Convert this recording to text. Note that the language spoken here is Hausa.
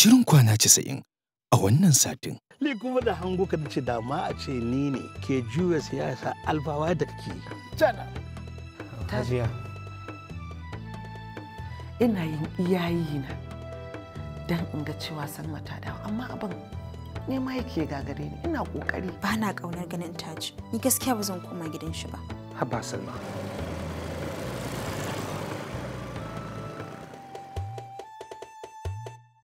Shirin kwana casa'in a wannan satin. Ni kuma da hango ka ce dama a ce ni ne ke juya siyasa albawa da kake. Jana. Tajiya. Ina yin iyayi na don in ga cewa san mata da amma abin nema yake gagare ni ina kokari. Ba na kaunar ganin taji. Ni gaskiya ba zan koma gidan shi ba. Haba Salma.